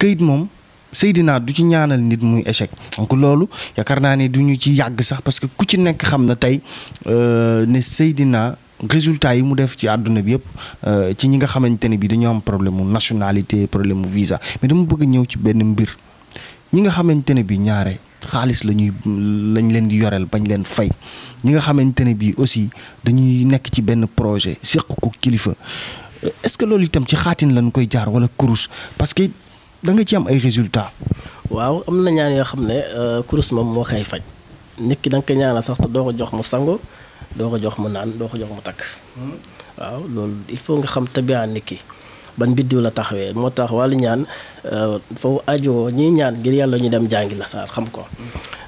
këyit moom Seydina du ci ñaanal nit muy échec donc loolu yaakaar naa ne du ñu ci yàgg sax parce que ku ci nekk xam na tey euh, ne Seydina résultat yi mu def ci àdduna bi yëpp euh, ci ñi nga xamante ne bi dañoo am problème mu nationalité problème mu visa mais bëgg ñëw ci benn mbir ñi nga xamante ne bi ñaare xaalis la ñuy lañ leen di yoreel bañ leen fay ñi nga xamante ne bi aussi dañuy nekk ci benn projet séq ko kilifa euh, est-ce que loolu itam ci xaatin lañ koy jaar wala kurus parce da nga ci am ay résultats. waaw am na ñaan yoo xam ne euh, kurus moom moo koy faj nit ki da nga koy ñaanal sax te doo ko jox mu sango doo ko jox mu naan doo ko jox mu takk. waaw loolu il faut nga xam tabia nit ki ban biddiw la taxawee moo tax wàllu ñaan euh, foofu aajo ñiy ñaan ngir yàlla ñu dem jàngi la saar xam ko.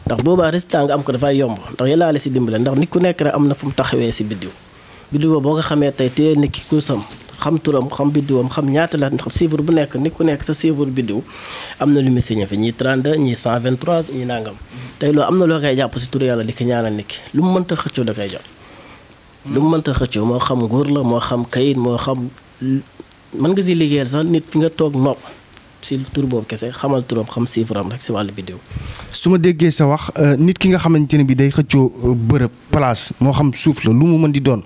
ndax boobaa résultat nga am ko dafay yomb ndax yàllaa la si dimbale ndax nit ku nekk rek am na fu mu taxawee si biddiw biddiw boo ko xamee tey te nit ki kurusam. xam turam xam biddiwam xam ñaata la ndax chiffre bu nekk ni ku nekk sa chiffre biddiw am na lu mu signé fi ñii 32 ñii 123 ñii nangam tey loo am na loo koy jàpp si turu yàlla di ko ñaanal nit ki lu mu mënta xëccoo da lu mu mënta xëccoo moo xam nguur la moo xam kayit moo xam mën nga si liggéeyal sax nit fi nga toog nopp si tur boobu kese xamal turam xam chiffre am rek si wàllu biddiw su ma déggee sa wax euh, nit ki nga xamante ne bi day xëccoo euh, bërëb place moo xam suuf la lu mu mën di doon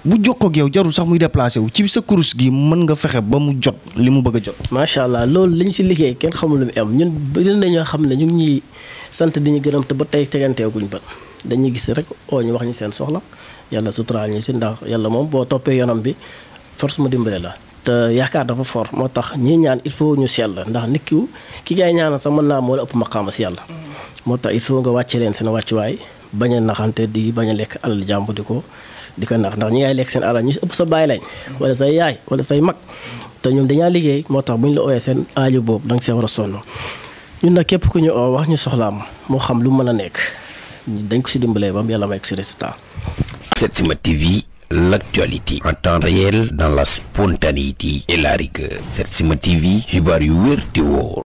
bu jokkoo ko yow jarul sax muy déplacé wu ci sa kurus gi mën nga fexe ba mu jot li mu bëgg a jot. macha allah loolu li ñu si liggéey kenn xamul lu mu am ñun bëri na ñoo xam ne ñu ngi ñuy sant di ñu ba tey teganteeguñ ba dañuy gis rek oo ñu wax ñu seen soxla yàlla suturaal ñu si ndax yàlla moom boo toppee yoonam bi force mu dimbale la. te yaakaar dafa for moo tax ñii ñaan il faut ñu la ndax nit ki ki ngay ñaanal sax mën naa moo la ëpp maqaama si yàlla. moo tax il faut nga wàcce leen seen wàccuwaay. bañ a naxante di bañ a lekk alal jàmbu di ko di ko nax ndax ñi ngay lekk seen alal ñi si ëpp sa baay lañ wala say yaay wala say mag te ñoom dañaa liggéey moo tax bu ñu la ooyee seen aajo boobu da nga war a sonn ñun nag képp ku ñu oo wax ñu soxlaa ma moo xam lu mën a nekk dañ ko si dimbalee ba mu yàlla may ko si résultat. Setsima TV. l'actualité en temps réel dans la spontanéité et la rigueur Setsima TV xibaar yu wér te